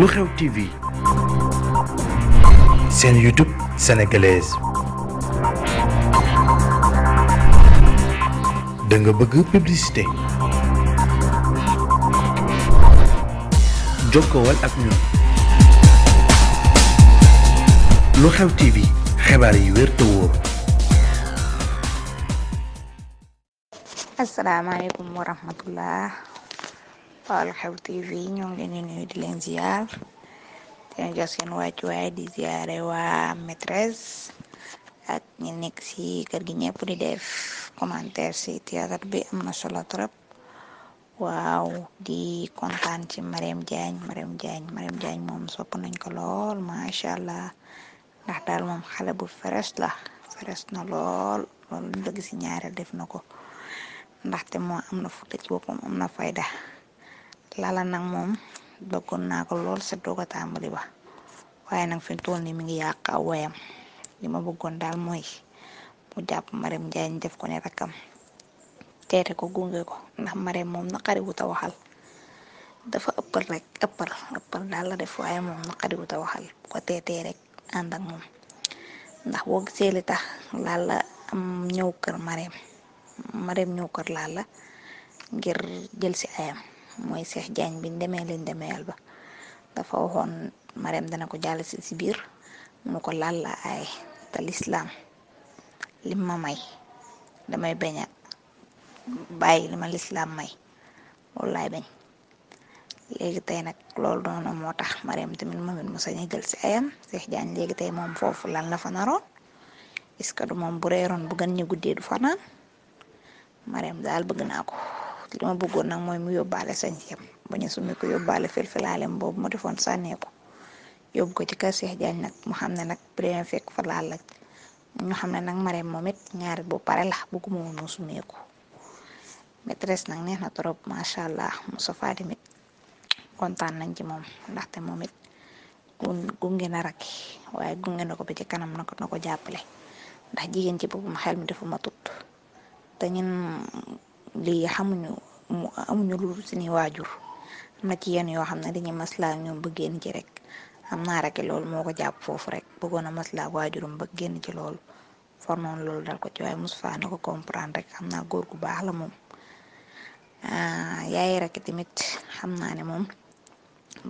lu xew TV seen YouTube sénégalaise da nga bëgg publicité jokkowal ak ñun lu xew TV xibaar yi wér te wóor. asalaamaaleykum wa rahmatullah. waa Lu Xew TV ñu ngi leen di nuyu di leen ziar di leen jox seen wàccuwaay di ziare waa maîtresse ak nekk si kër gi ñëpp di def commentaire si théâtre bi am na solo trop waaw di kontaan ci Marème Diagne Marème Diagne Marème Diagne moom sopp nañ ko lool allah ndax daal moom xale bu feres la feres na lool loolu si ci ñaareel def na ko ndaxte moo am na fulla ci boppam am na fayda. lala nag moom bëggoon naa ko lool sa doog a tàmbali ba waaye nag fi tool ni mi ngi yàq aw wayam li ma bëggoon daal mooy mu jàpp Marème Ndiaye ñu def ko ne rakkam teete ko gunge ko ndax Marème moom naqari wu ta waxal dafa ëppal rek ëppal ëppal daal la def waaye moom naqari wu ta waxal bu ko rek ànd ak moom ndax boo gisee li tax laal am ñëw kër Marème Marème ñëw kër laal la ngir jël si ayam. mooy Cheikh Diagne biñ demee leen demeyal ba dafa waxoon Marème dana ko jàll si si biir mu ko laal la ay te lislaam lim ma may damay bañ bàyyi li ma lislaam may loolu laay bañ léegi tey nag loolu noonu moo tax Marème tamit moom it mu sañ a jël si ayam Cheikh Diagne léegi tey moom foofu lan la fa naroon est-ce que du moom bu reeroon bu gën ñu guddee du fanaan Marème daal bëgg naa ko. li ma bëggoon mooy mu yóbbaale sañceem ba ñu summi ko yóbbaale filfilaaleem boobu ma defoon sànnee ko ko ci kër seex Diagne nag mu xam ne nag premier fekk fa laal la ñu xam ne nag Marème moom it ñaari bu pare la bëgguma woon mu summeeku maîtresse nag neex na trop macha allah Moussa Fadim it kontaan nañ ci moom ndaxte moom it gunge na rakk waaye gunge na ko ba ci kanam na ko na ko jàppale ndax jigéen ci boppam xel mi dafa tut te ñun lii xamuñu mu amuñu lu suñuy waajur am na ci yenn yoo xam ne dañuy maslaa ñoom ba génn ci rek am naa rek lool moo ko jàpp foofu rek bëggoon a maslaa waajurum ba génn ci lool for noonu loolu dal ko ci waaye Moustapha na ko comprendre rek xam naa góor gu baax la moom ah, yaay rek tamit xam naa ne moom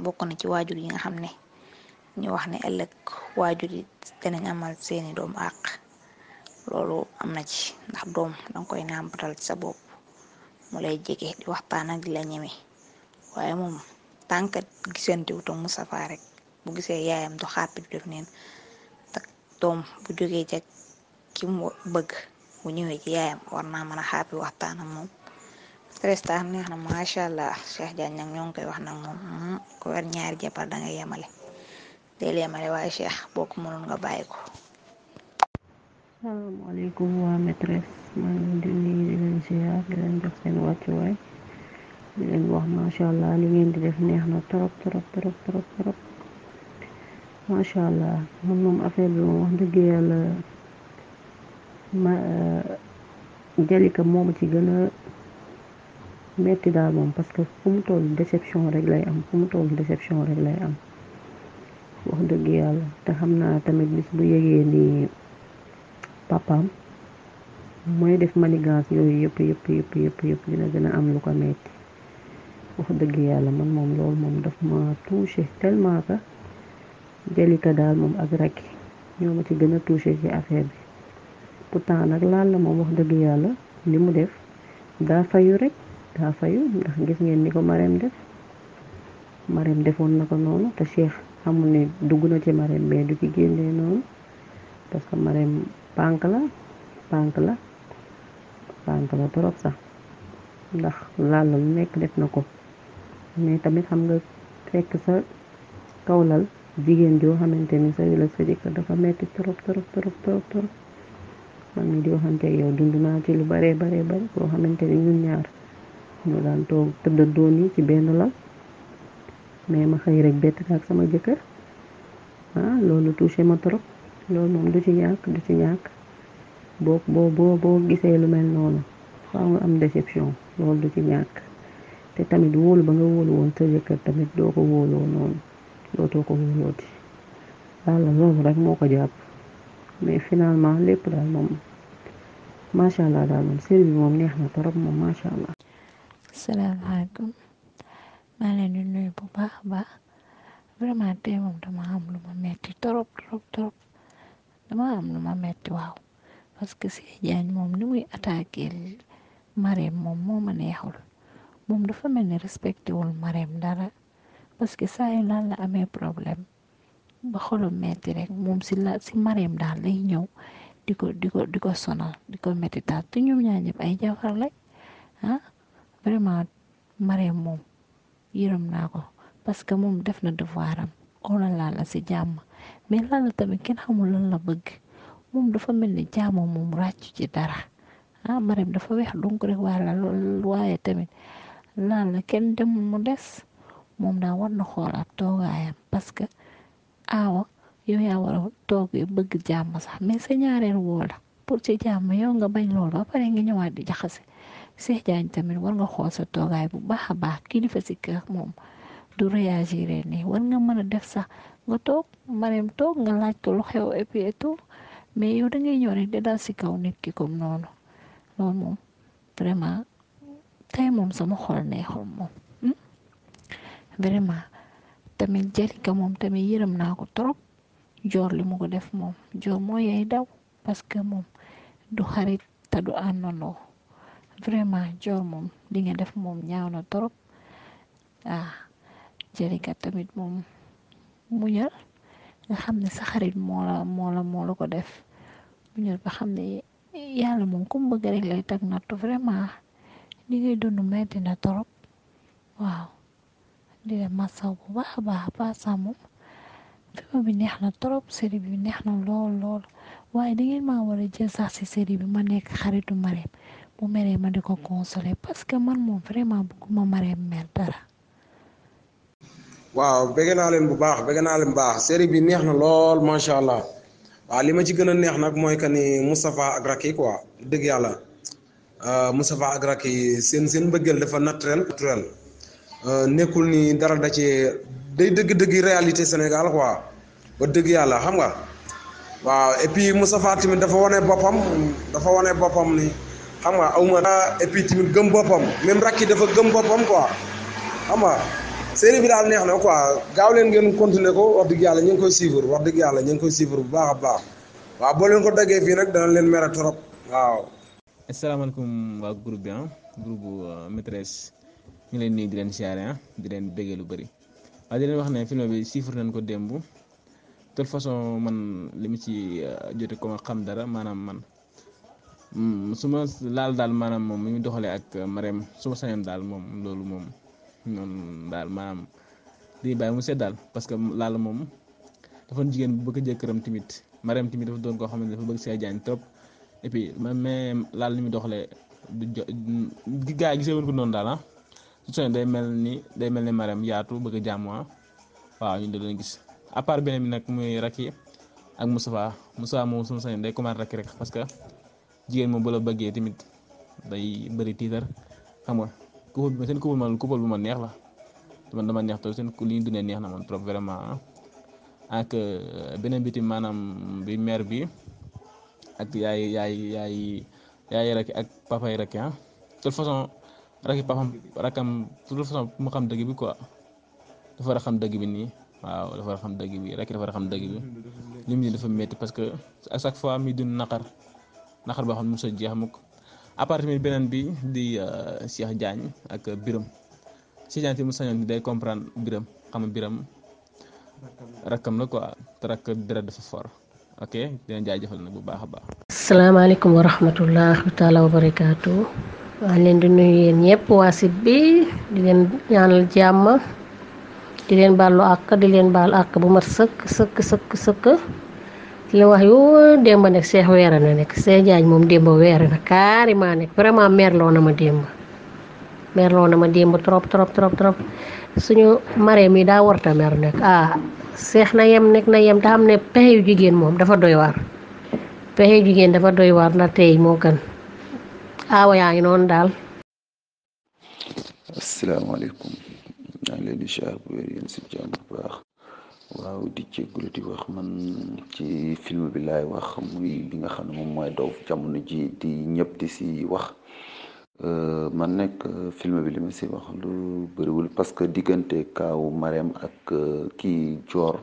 bokk na ci waajur yi nga xam ne ñu wax ne ëllëg waajur yi danañ amal seeni doom àq loolu am na ci ndax doom danga koy nàmpatal ci sa bopp mu lay jege di waxtaan ak di la ñeme waaye moom tànk gisante wu toog Moustapha rek bu gisee yaayam du xàppi du def neen tak doom bu jógee ca ki mu bëgg bu ñëwee ci yaayam war naa mën a xàppi waxtaan ak moom. Trestar neex na macha allah Cheikh Diagne nag ñoo ngi koy wax nag moom hmm, ku wer ñaari jabar da nga yemale day yemale waaye Cheikh boo ko mënoon nga bàyyi ko. asalaamaaleykum waa maîtresse maa ngi leen di nuyu di leen ziar di leen jox seen wàccuwaay di leen wax macha allah li ngeen di def neex na trop trop trop trop trop macha allah man moom affaire bi moom wax dëgg yàlla ma euh, Jalika moom ci gën a metti daal moom parce que fu mu toll déception rek lay am fu mu toll déception rek lay am wax dëgg yàlla te xam naa tamit bis bu yëgee nii. papaam mooy def manigance yooyu yëpp yëpp yëpp yëpp yëpp dina gën a am lu ko metti wax dëgg yàlla man moom loolu moom daf ma touché tellement jëli ko daal moom ak Racky ñoo ma ci gën a touché ci affaire bi pourtant nag laal la moom wax dëgg yàlla li mu def daa fayu rek daa fayu ndax gis ngeen ni ko Marème def Marème defoon na ko noonu te Cheikh amul ne dugg na ci Marème mais du ci génnee noonu parce que pànk la pànk la pànk la torop sax ndax laal la lu nekk def na ko mais tamit xam nga fekk sa kaw lal jigéen joo xamante ni sa wélag sa jëkkër dafa metti torop torop torop torop man mi di waxante yow dund naa ci lu baree baree bari boo xamante ni ñun ñaar ñu daan toog tëddandoo nii ci benn lal mais ma xëy rek bett ak sama jëkkër ah loolu touché ma trop loolu moom du ci ñàkk du ci ñàkk boo boo boo boo gisee lu mel noonu faaw nga am déception loolu du ci ñàkk te tamit wóolu ba nga wóolu woon sa jëkkër tamit doo ko wóoloo noonu dootoo ko wóolooti yàlla loolu rek moo ko jàpp mais finalement lépp daal moom macha allah daal moom série moom neex na trop moom macha allah. salaamaaleykum maa leen di nuyu bu baax a baax vraiment tey moom dama am lu ma metti trop trop. dama am na ma metti waaw parce que Sey Diagne moom ni muy attaqué Marème moom moo ma neexul moom dafa mel ni respecté wul Marème dara parce que saa yu la amee problème ba xolum metti rek moom si la si Marème daal lay ñëw di ko di ko di ko sonal di ko metti daal te ñoom ñaar ñëpp ay jafar lañ ah vraiment Marème moom yërëm naa ko parce que moom def na devoir am laal oh la si jàmm. mais la tamit kenn xamul lan la bëgg moom dafa mel ni jaamu moom ràccu ci dara ah Marème dafa weex donc rek walla waaye tamit lalla kenn demul mu des moom daa war na xoolaat toogaayam parce que aawa yow yaa war a toog bëgg jàmm sax mais sa ñaareel woo la pour ci jàmm yow nga bañ loolu ba pare nga ñëwaat di jaxase Cheikh Diagne tamit war nga xool sa toogaay bu baax a baax kilifa si kër moom du réagir nii war nga mën a def sax nga toog Marème toog nga laaj ko lu xew et puis et mais yow da ngay ñëw rek di si kaw nit ki comme noonu loolu moom vraiment tey moom sama xol neexul moom hmm? vraiment tamit Jalika moom tamit yërëm naa ko trop joor li mu ko def moom joor moo yay daw parce que moom du xarit te du an àndandoo vraiment joor moom li nga def moom ñaaw na trop ah Jalika tamit moom. mu muñal nga xam ne sa xarit moola moola moo la ko def muñal nga xam ne yàlla moom ku mu bëgg rek lay teg nattu vraiment li ngay dund metti na torop waaw di la masaw bu baax a baax pasa moom film neex na torop série bi neex na lool lool waaye da ngeen maa war a jël sax si série bi ma nekk xaritu Marème bu meree ma di ko consoler parce que man moom vraiment bëgguma Marème mer dara waaw bëgg naa leen bu baax bëgg naa leen bu baax série bi neex na lool macha allah waaw li ma ci gën a neex nag mooy que ni Moustapha ak Racky quoi dëgg yàlla euh, Moustapha ak Racky seen seen mbëggeel dafa naturel naturel euh, nekkul ni dara da cee day dëgg-dëgg réalité Sénégal quoi ba dëgg yàlla xam nga waaw et puis Moustapha tamit dafa wane boppam dafa wane boppam ni xam nga awma et puis tamit gëm boppam même Racky dafa gëm boppam quoi xam nga. série bi daal neex na quoi gaaw leen ngeen continuer ko wax dëgg yàlla ñu ngi koy suivre wax dëgg yàlla ñu ngi koy suivre bu baax a waaw boo leen ko daggee fii nag dana leen mer a trop waaw. asalaamaaleykum waa groupe bi ah groupe euh, maîtresse ñu leen nii di leen siyaare ah, di leen bëggee lu bari waaye di leen wax ne film bi suivre nañ ko démb de façon man li mu ci euh, jote ko xam dara maanaam man. Mm, suma ma laal daal maanaam moom mu ñu doxalee ak Marème su ma daal moom loolu moom noonu daal maanaam dañuy bàyyi mu sedd daal parce que laala moom dafa jigéen bu bëgg jëkkëram tamit maram tamit dafa doon koo xam ne dafa bëgg see jaañ trop et puis même laal li muy doxle du jo gaa yi gisee woon ko noonu daal ah su soobee day mel ni day mel ni maram yaatu bëgg a jàmm ñu ah. ñun da gis à part beneen bi nag muy Racky ak Moustapha Moustapha moom suñu sañ day commencé Racky rek parce que jigéen moom bu bëggee tamit day bëri tiitar xam couple bi seen couple man couple ma neex la man dama neex trop seen li ñu dundee neex na man trop vraiment ak euh, beneen biti maanaam bi mère bi ak yaay yaay yaay yaay rek ak papa yi rek ah de toute façon raki papam rakam de toute mu xam dëgg bi quoi dafa war a xam dëgg bi nii waaw dafa war a xam dëgg bi rek dafa war a xam dëgg bi li mu dafa métti parce que a chaque fois mi dund naqar naqar boo xam ne mos a jeex mukk appartement beneen bi di euh, Cheikh Diagne ak Biram Cheikh Diagne fi mu sañoon ni day comprendre Biram xam Biram rakkam la quoi te rakk deret dafa for ok dina jaajëfal nag bu baax a baax. salaamaaleykum wa rahmatulah taala wa barakaatu maa leen di nuyu ñëpp waa sit bi di leen ñaanal jàmm di leen baalu àq di leen baal àq bu ma sëkk sëkk sëkk sëkk. la wax yu démb nag seex weera na nekk seex jaañ moom démb weera na carrément nekk vraiment merloo na ma démb merloo na ma démb trop trop trop trop suñu maree mi daa warta mer nekk ah seex na yem nekk na yem te xam ne pexe yu jigéen moom dafa doy waar pexe yu jigéen dafa doy waar na tey moo gën aawa yaa ngi noonu daal waaw di jégalu di wax man ci film bi laay wax muy bi nga xam ne moom mooy dow jamono ji di ñëpp di si wax euh, man nekk euh, film bi li ma si wax lu bëriwul parce que diggante kaawu Marème ak euh, kii joor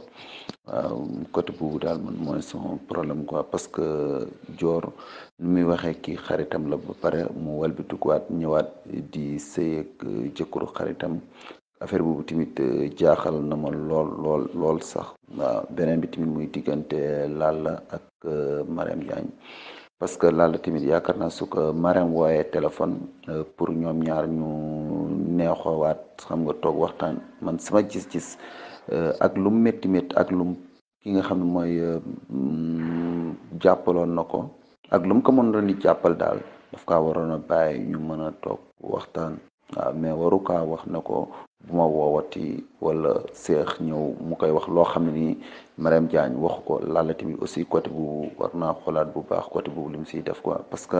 waaw côté boobu daal man mooy son problème quoi parce que joor nu muy waxee kii xaritam la ba pare mu walbituwaat ñëwaat di sëy ak jëkkëru xaritam affaire boobu tamit euh, jaaxal na ma lool lool sax waaw beneen bi muy diggante Lalla ak euh, Marème Diagne parce que laal tamit yaakaar na su ko Marème wooyee téléphone euh, pour ñoom ñaar ñu neexoowaat xam nga toog waxtaan man sama gis-gis ak lum métti métti ak lum ki nga xam ne mooy mm, jàppaloon na ko ak lum ko mën doon di jàppal daal daf ka waroon a bàyyi ñu mën a toog waxtaan mais waruka wax na ko bu ma woowati wala seex ñëw mu koy wax loo xam ne nii Mariam Diagne wax ko Lalla tamit aussi côté bu war naa xoolaat bu baax côté boobu li mu siy def quoi parce que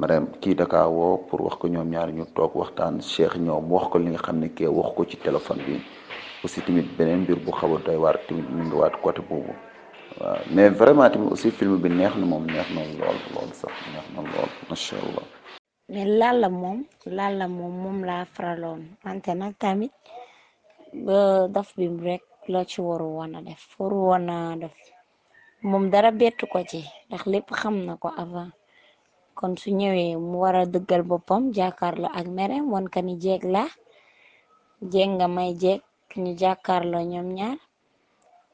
Mariam kii dakaa woo pour wax ko ñoom ñaar ñu toog waxtaan seex ñëw mu wax ko li nga xam ne kee wax ko ci téléphone bi aussi tamit beneen mbir bu xaw a doy war tamit mu ngi waat côté boobu waaw mais vraiment tamit aussi film bi neex na moom neex na lool lool sax neex na lool macha allah. mais Lalla moom Lalla moom moom laa faraloon wante nag tamit ba daf bi rek loo ci waru woon a def waru woon def moom dara bettu ko ci ndax lépp xam na ko avant kon su ñëwee mu war a dëggal boppam jàkkaarloo ak merem wan ka ni jeeg la jeeg nga may jeeg ñu jàkkaarloo ñoom ñaar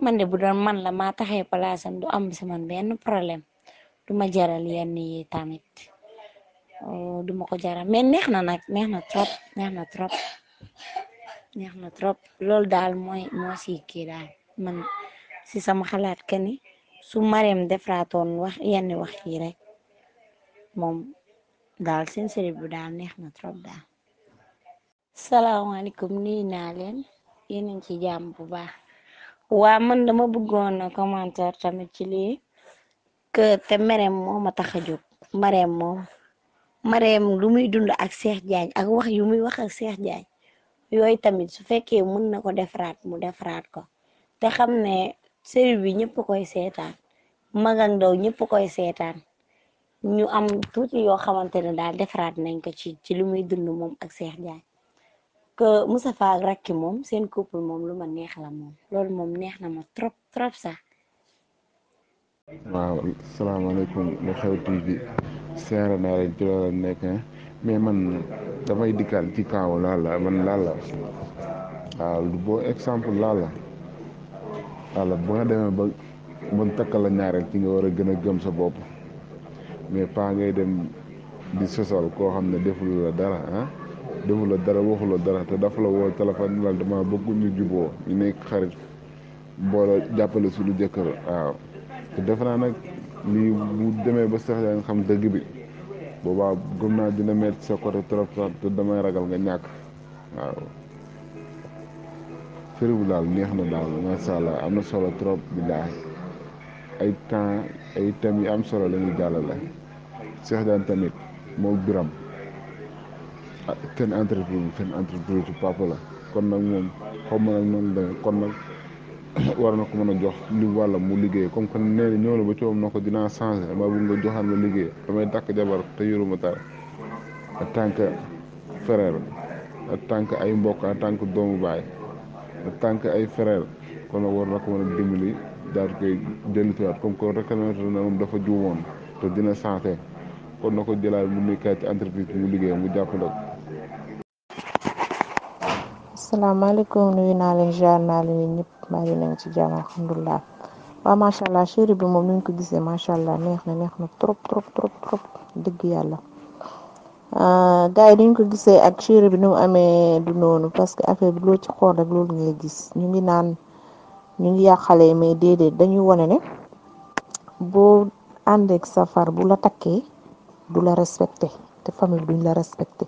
man de bu doon man la ma taxee palaasam du am si man benn problème du ma jaral yenn yi tamit. Eh, duma ko jara mais neex na nag neex na trop neex na trop neex na trop loolu daal mooy moo si kii daal man si sama xalaat ke ni su Marème defraatoon wax yenn wax yi rek moom daal seen série bu daal neex na trop daal salaamaaleykum nii naa leen yéen a ngi ci jàmm bu baax waa man dama bëggoon a commentaire tamit ci lii que te Marème moo ma tax a jóg Marème moom Marème lu muy dund ak Cheikh Diagne ak wax yu muy wax ak Cheikh Diagne yooyu tamit su fekkee mën na ko defaraat mu defaraat ko te xam ne série bi ñëpp koy seetaan mag ak ndaw ñëpp koy seetaan ñu am tuuti yoo xamante ne daal defaraat nañ ko ci ci lu muy dund moom ak Cheikh Diagne que Moustapha ak moom seen couple moom lu ma neex la moom loolu moom neex na ma trop trop sax. waaw salaamaaleykum Lu Xew TV bi seere naa leen ci loolu nekk mais man damay dikkaan ci kaaw laal la man laal la waaw boo exemple laal la laal boo demee ba mën takk la ñaareel nga war a gën a gëm sa bopp mais pas ngay dem di sosal koo xam ne deful la dara ah deful la dara waxul la dara te dafa la woo téléphone laal dama bëgg ñu juboo ñu nekk xarit boole jàppale suñu jëkkër waaw te defe naa nag lii bu demee ba sax yaa xam dëgg bi boobaa gëm naa dina metti sa côté trop sax te damay ragal nga ñàkk waaw firi daal neex na daal macha allah am na solo trop billaahi ay temps ay thèmes yu am solo lañuy ñuy la Cheikh Diagne tamit moom biram ah kenn entreprise kenn entreprise papa la kon nag moom xaw ma nag noonu la kon nag war na ko mën a jox li wàllam mu liggéey comme que nee na ñëw na ba coom na ko dinaa changé ma bëgg nga joxaat ma liggéey damay takk jabar te yoruma dara en tant que tànk ay mbokk en tant que doomu baay en tant ay frère kon nag war na ko mën a dimbali daal koy dellusiwaat te dina changé kon na ko jëlaat mu nekkaat ci entreprise bi mu liggéey mu jàppale ko asalaamaaleykum nuyu naa leen jaar naa leen yéen ñëpp maa ngi leen ci jàmm alhamdulilah waaw macha allah chéri bi moom ni ñu ko gisee macha allah neex na neex na trop trop trop trop dëgg yàlla ah, gars yi ko gisee ak chéri bi ni amee du noonu parce que affaire bi loo ci xool rek loolu ngay gis ñu ngi naan ñu ngi yàqalee mais dañuy wane ne safar bu la takkee du la te famille duñ la respecté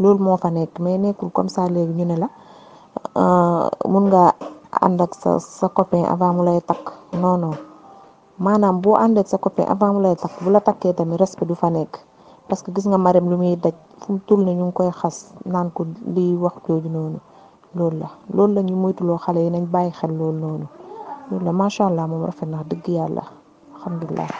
loolu moo fa nekk mais nekkul comme ça léegi ñu ne la. mun nga ànd ak sa sa copain avant mu lay takk non maanaam boo ànd sa copain avant mu lay takk bu la takkee tamit respect du fa nekk parce que gis nga Marème lu muy daj fu mu ne ñu ngi koy xas naan ko liy wax jooju noonu loolu la loolu la ñu moytuloo xale yi nañ bàyyi xel lool noonu loolu la macha allah moom rafet nax dëgg yàlla alhamdulilah.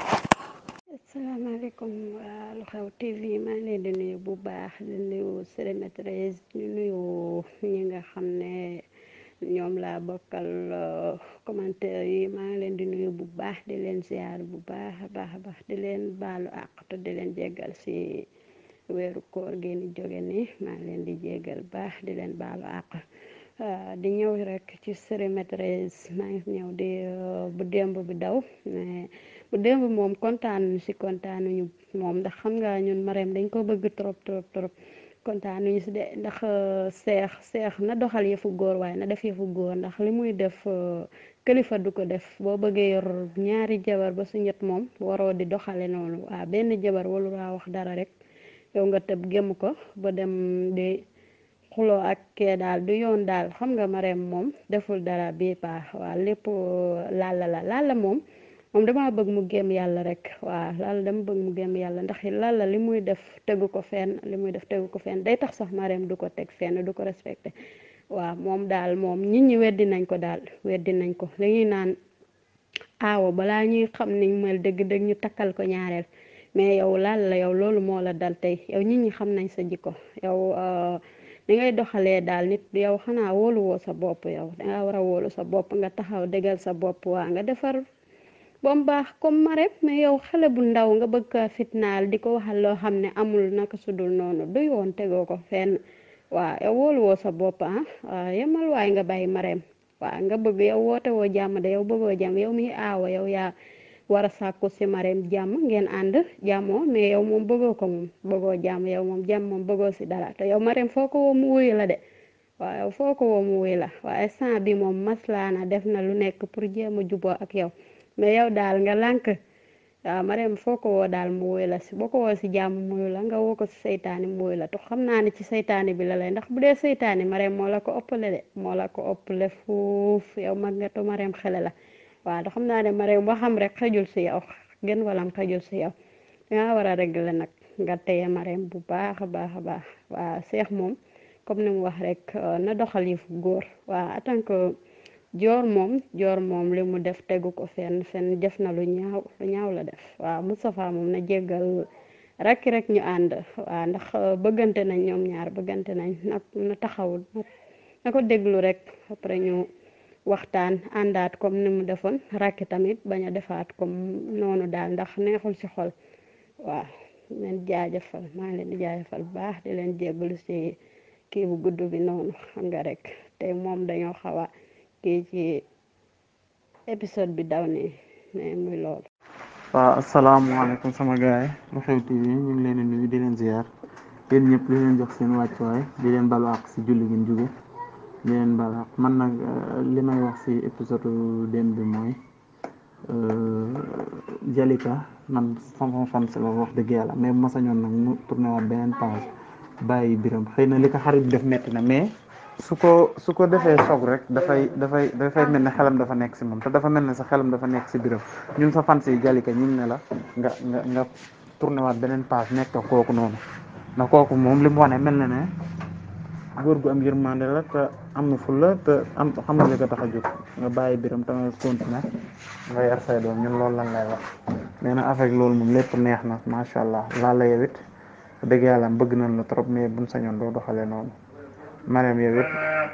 asalaamaaleykum waa Lu Xew TV maa ngi leen di nuyu bu baax di nuyu sere maîtresse di nuyu ñi nga xam ne ñoom laa bokkal euh, commentaire yi maa ngi leen di nuyu bu baax di leen ziar bu baax a baax a baax di leen baalu àq di leen jéggal si weeru koor ngeen di jóge ni maa ngi leen di jéggal baax di leen baalu àq euh, di ñëw rek ci sere maa ngi ñëw di euh, bu démb bi daw mais bu démb moom kontaanuñu si kontaanuñu moom ndax xam nga ñun Marème dañ ko bëgg trop trop trop kontaanuñu si de ndax euh, seex seex na doxal yëfu góor waaye na def yëfu góor ndax li muy def euh, kilifa du ko def boo bëggee yor ñaari jabar ba su ñett moom waroo di doxale noonu waaw benn jabar walu laa wax dara rek yow nga tëb gémm ko ba dem di xuloo ak kee daal du yoon daal xam nga Marème moom deful dara bii paax waa lépp euh, laala la laala moom moom dama bëgg mu gëm yàlla rek waa lalla dama bëgg mu gëm yàlla ndax lalla li muy def tegu ko fenn li muy def tegu ko fenn day tax sax mareem du ko teg fenn du ko respecté waaw moom daal moom nit ñi weddi nañ ko daal weddi nañ ko li naan aawo balaa ñuy xam niñ mel dëgg-dëgg ñu takkal ko ñaareel mais yow la yow loolu moo la dal tey yow nit ñi xam nañ sa jikko yow li euh, ngay doxalee daal nit yow xanaa wóolu sa bopp yow danga war a sa bopp nga taxaw dëggal sa bopp waa nga defar ba baax comme marem mais yow xale bu ndaw nga bëgg a fitnaal di ko waxal loo xam ne amul naka su dul noonu du yoon tegoo ko fenn waa yow wóoluwoo sa bopp ah waa yemal waay nga bàyyi marem waa nga bëgg yow woote woo jàmm de yow bëggoo jàmm yow mi aawa yow yaa war a sàkku si marem jàmm ngeen ànd jàmmoo mais yow moom bëggoo ko moom bëggoo jàmm yow moom jàmm moom bëggoo si dara te yow marem foo ko woo mu wuyu la de waaw foo ko woo mu wuyu la waaye sant bi moom maslaa def na lu nekk pour jéem a juboo ak yow mais yow daal nga lànk waaw Marème foo ko woo daal mu woy la si boo ko woo si jàmm muyu la nga woo ko si seytaane mu woy la te xam naa ne ci seytaane bi la lay ndax bu dee seytaane Marème moo la ko ëppale de moo la ko ëppale fuuf yow mag nga to Marème xele la waaw te xam naa ne Marème waxam rek xëjul si yow gën walam xëjul si war a régler nag nga téye Marème bu baax a baax a baax waa seex moom comme ni mu wax rek euh, na doxal yëfu góor waa en joor moom joor moom li mu def tegu ko fenn fenn def na lu ñaaw la def waaw mu Moustapha moom na jéggal rakki rek ñu ànd waaw ndax euh, bëggante nañ ñoom ñaar bëggante nañ nag na taxawul na ko déglu rek après ñu waxtaan àndaat kom ni mu defoon rakki tamit bañ a defaat comme noonu daal ndax neexul ci xol waaw leen jaajëfal maa ngi leen di jaajëfal bu baax di leen jéggalu ci kiibu gudd bi noonu xam rek tey moom dañoo xawa kii ci épisode bi daw ne mais muy loolu waaw asalaamaaleykum sama gaay Lu Xew TV ñu leen di nuyu di leen ziar yéen ñëpp li leen jox seen wàccuwaay di leen balu àq si julli gi jóge man nag euh, wax si épisode démb bi mooy euh, Jalika man sama fan si la wax dëgg yàlla mais bu ma sañoon nag mu tourné beneen page bàyyi biram xëy na li ko xarit def metti na mais su ko su ko defee soog rek dafay dafay dafay mel ne xelam dafa nekk si moom te dafa mel ne sa xelam dafa nekk si biram ñun sa fans yi Jalika ñu ngi ne la nga nga nga tourné waat beneen page nekk kooku noonu na kooku moom li mu wane mel na ne góor gu am yërmande la te am na fulla te am xam nga li ko tax jóg nga bàyyi biram te nga na nga yar say doom ñun loolu lan lay wax nee na avec loolu moom lépp neex na macha allah laa la yewit dëgg yàlla bëgg nañ la trop mais buñ sañoon doo doxalee noonu maanaam yow it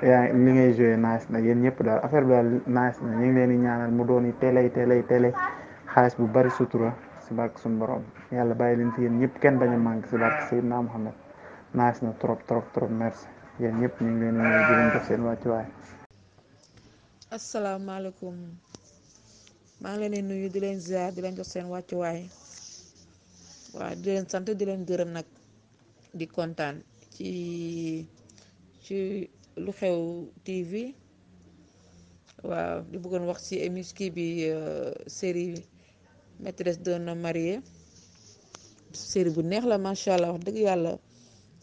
yaa li ngay joué nice na yéen ñëpp daal affaire bi daal nice na ñu ngi leen ñaanal mu doon i télé télé télé xaalis bu bari sutura si barke suñu borom yàlla bàyyi leen fi yéen kenn bañ mànk manqué si barke Seydina Mohamed na trop trop trop merci yéen ñëpp ñu ngi leen di ñëw di leen def seen wàccuwaay. asalaamaaleykum maa ngi leen di nuyu di leen ziar di leen jox seen wàccuwaay waaw di leen sant di leen gërëm nag di kontaan ci. ci lu xew TV waaw lu buggoon wax ci émission kii bi euh, série maîtresse d'un na marié série bu neex la macha allah wax dëgg yàlla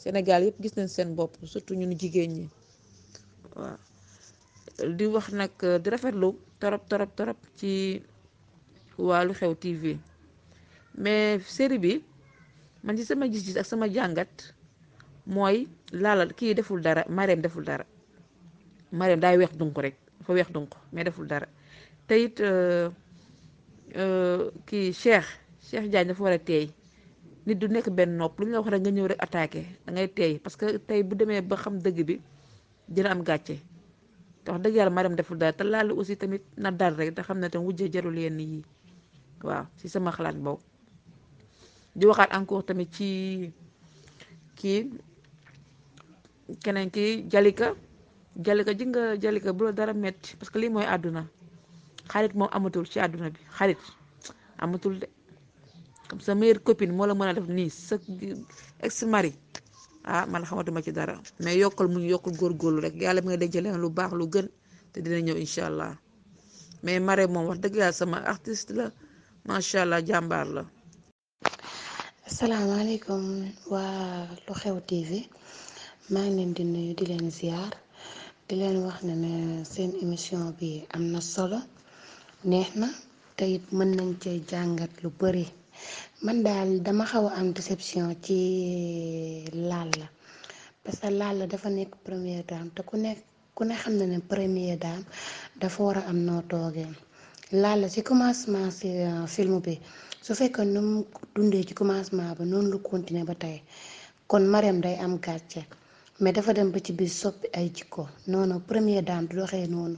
Sénégal yëpp gis nañ seen bopp surtout ñun jigéen ñi waaw di wax nag euh, di rafetlu torop torop torop ci waa lu xew TV mais série bi man ci sama gis-gis ak sama jàngat mooy. laalal kii deful dara Marème deful dara Marème daay weex dunq rek dafa weex dunq mais deful dara te it euh, euh, kii Cheikh Cheikh Diagne dafa war a teey nit du nekk benn nopp lu nga wax rek nga ñëw rek attaqué da teey parce que tey bu demee ba xam dëgg bi dina am gàcce te wax dëgg yàlla Marème deful dara te laal aussi tamit na dal rek te xam ne tam wujje jarul yenn yi waaw ci sama xalaat boobu di waxaat encore tamit ci kii keneen ki Jalika Jalika ji nga Jalika bu la dara metti parce que lii mooy àdduna xarit moom amatul ci àdduna bi xarit amatul de sa meilleure copine moo la mën a def nii sa ex mari ah man xamatuma ci dara mais yokkal mu ñu góor góorlu rek yàlla mu nga jëlee denc lu baax lu gën te dina ñëw incha allah mais Marème moom wax dëgg yàlla sama artist la macha allah jàmbaar la. asalaamaaleykum waa Lu Xew TV. maa ngi leen di nuyu di leen ziar di leen wax na ne seen émission bi am na solo neex na te it mën nañ cee jàngat lu bëri man daal dama xaw a am déception ci Lalla parce que Lalla dafa nekk première dame te ku nekk ku ne xam na ne première dame dafa war a am noo toogee Lalla ci commencement ci euh, film bi su fekkee num mu dundee ci commencement ba noonu lu continuer ba tey kon Marème day am gàcce. mais dafa dem ba ci biir soppi ay jikko noonu première dame du doxee noonu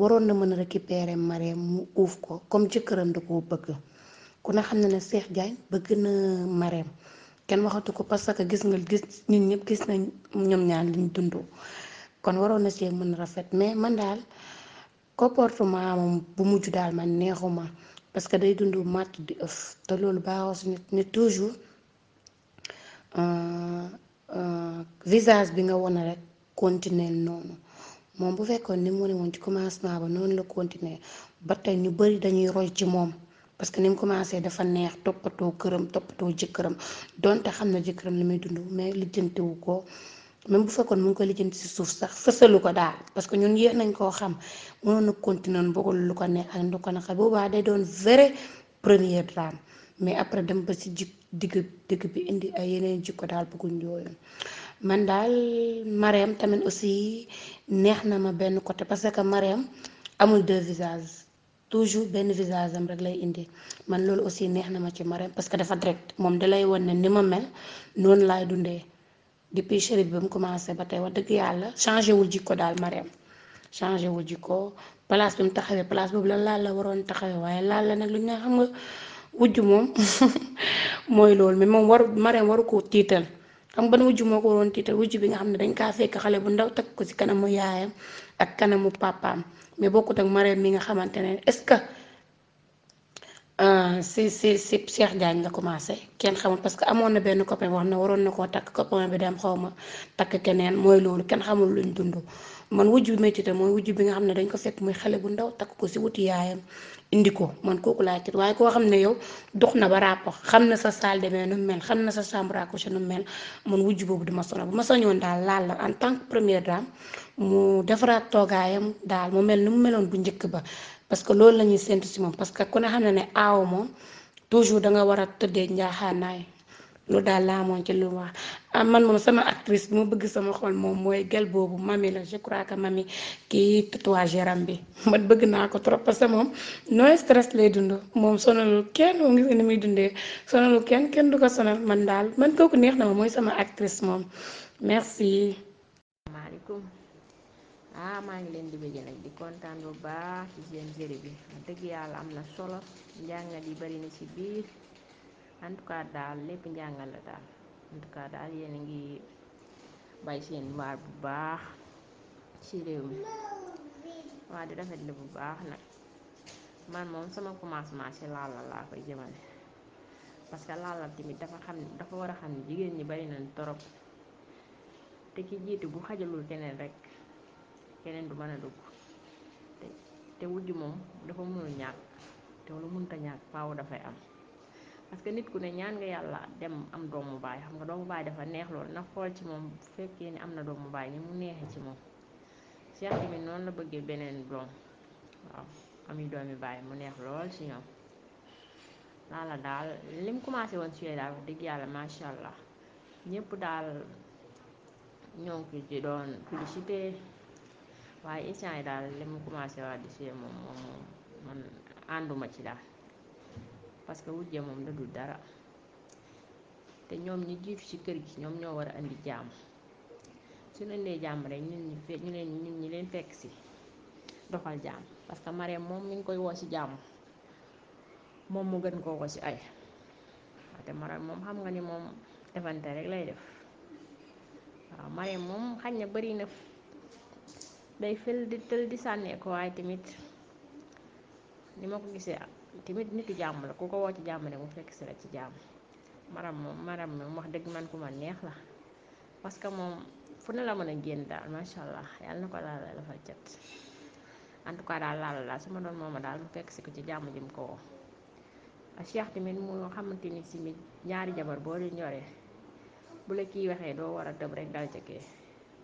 waroon na mën a récupérer Marème mu uuf ko comme jëkkëram da koo bëgg ku ne xam na ne Cheikh Diagne bëgg na Marème kenn waxatu ko parce que gis nga gis ñun ñëpp gis nañ ñoom ñaar liñ dund kon waroon na see mën a rafet mais man daal comportement bu mujj daal man neexuma parce que day dund màtt di ëf te loolu baaxoo su nit ne toujours. Euh, Euh, visage bi nga wane rek continuer noonu moom bu fekkoon ni mu wane woon ci commencement ba noonu la continuer ba tey ñu bari dañuy roy ci moom parce que ni mu commencé dafa neex toppatoo këram toppatoo jëkkëram donte xam na jëkkëram li muy dund mais lijjantiwu ko même bu fekkoon mu ngi ko lijjanti ci suuf sax fësalu ko daal parce que ñun yéex nañ koo xam mënoon na continuer bëggul lu ko neex ak lu ko naqar boobaa day doon vrai premier drame mais après dem ba ci jik digg dëgg bi indi ay yeneen jikko daal bëgguñ yooyu man daal Marème tamit aussi neex na ma benn côté parce que Marème amul deux visages toujours benn visage am rek lay indi man loolu aussi neex na ma ci Marème parce que dafa direct moom dalay lay wan ne ni ma mel noonu laay dundee depuis Chérif ba mu commencé ba tey wax dëgg yàlla changé wul jikko daal Marème changé wul jikko place bi mu taxawee place boobu la laal waroon taxawee waaye laal wujj moom mooy loolu me moom waru Marème waru ko tiital xam nga ban wujj moo ko waroon tiital wujj bi nga xam ne dañ kaa fekk xale bu ndaw takk ko ci kanamu yaayam ak kanamu papaam mais bokkut ak mi nga xamante ne est-ce que euh, si si si Cheikh Diagne nga commencé kenn xamul parce que amoon na benn copain wax na waroon na koo takk ko copain bi dem xaw ma takk keneen mooy loolu kenn xamul luñ dund man wujj bi métti te mooy wujj bi nga xam ne dañ ko fekk muy xale bu ndaw takk ko si wutiyaayam indi ko man kooku laa tiit waaye koo xam ne yow dox na ba ràpp xam na sa saal demee nu mel xam na sa chambre à nu mel man wujj boobu dama sonal bu ma sañoon daal laal la en tant que première dame mu defaraat toogaayam daal mu mel ni mu meloon bu njëkk ba parce que loolu la ñuy séntu si moom parce que ku ne xam ne ne aaw moom toujours da nga war a tëddee njaaxaanaay lu daal laa amoon ci lu wax ah man moom sama actrice bi mu bëgg sama xol moom mooy gel boobu mami la je crois que mami kii tatouage yaram bi man bëgg naa ko trop parce que moom nooy stress lay dund moom sonalul kenn moom gis ni muy dundee sonalul kenn kenn du ko sonal man daal man kooku neex na ma mooy sama actrice moom merci. maaleykum ah maa ngi leen di bëgg nag di kontaan bu baax ci seen série bi dëgg yàlla am na solo njàngat yi bari na ci biir. en tout daal lépp njàngal la daal en daal yéen a ngi bàyyi seen waar bu baax ci réew mi waa di rafet la bu baax nag man moom sama commencement ci laalal laa koy jëmale parce que laalal tamit dafa xam dafa war a xam ne jigéen ñi bari nañ torop te ki jiitu bu xajalul keneen rek keneen du mën a dugg te te wujj moom dafa mënul ñàkk te lu mënta ñàkk faaw dafay am parce que nit ku ne ñaan nga yàlla dem am doomu baay xam nga doomu baay dafa neex lool na xool ci moom fekkee ni am na doomu baay ni mu neexee ci moom Cheikh tamit noonu la bëggee beneen doom waaw ami doomi baay mu neex lool ci ñoom la daal lim commencé woon suyee daal wax dëgg yàlla macha allah ñëpp daal ñoo ngi ci doon publicité waaye instant yi daal li mu commencé waat di suyee moom moom man ànduma ci daal parce que wujje moom da dul dara te ñoom ñi jiitu ci kër gi ñoom ñoo war a indi jàmm su ñu indee jàmm rek ñi ñu leen ñun ñi leen fekk si doxal jàmm parce que Marème moom mi ngi koy woo ci jàmm moom mu gën koo ko ci ay te Marème moom xam nga ni moom defante rek lay def waaw Marème moom xañ na bari na day fël di tël di sànnee ko waaye tamit ni ma ko gisee tamit nitu jàmm la ku ko woo ci jàmm ne mu fekk si la ci jàmm maram moom maram moom wax dëgg man ku ma neex la parce que moom fu ne la mën a génn daal macha allah yàlla na ko laal dafal cat en tout cas daal laal daal su ma doon moom ma daal mu fekk si ko ci jàmm ji mu ko woo Cheikh tamit mu xamante ni si ñaari jabar boo leen yoree bu la kii waxee doo war a dëb rek dal ca kee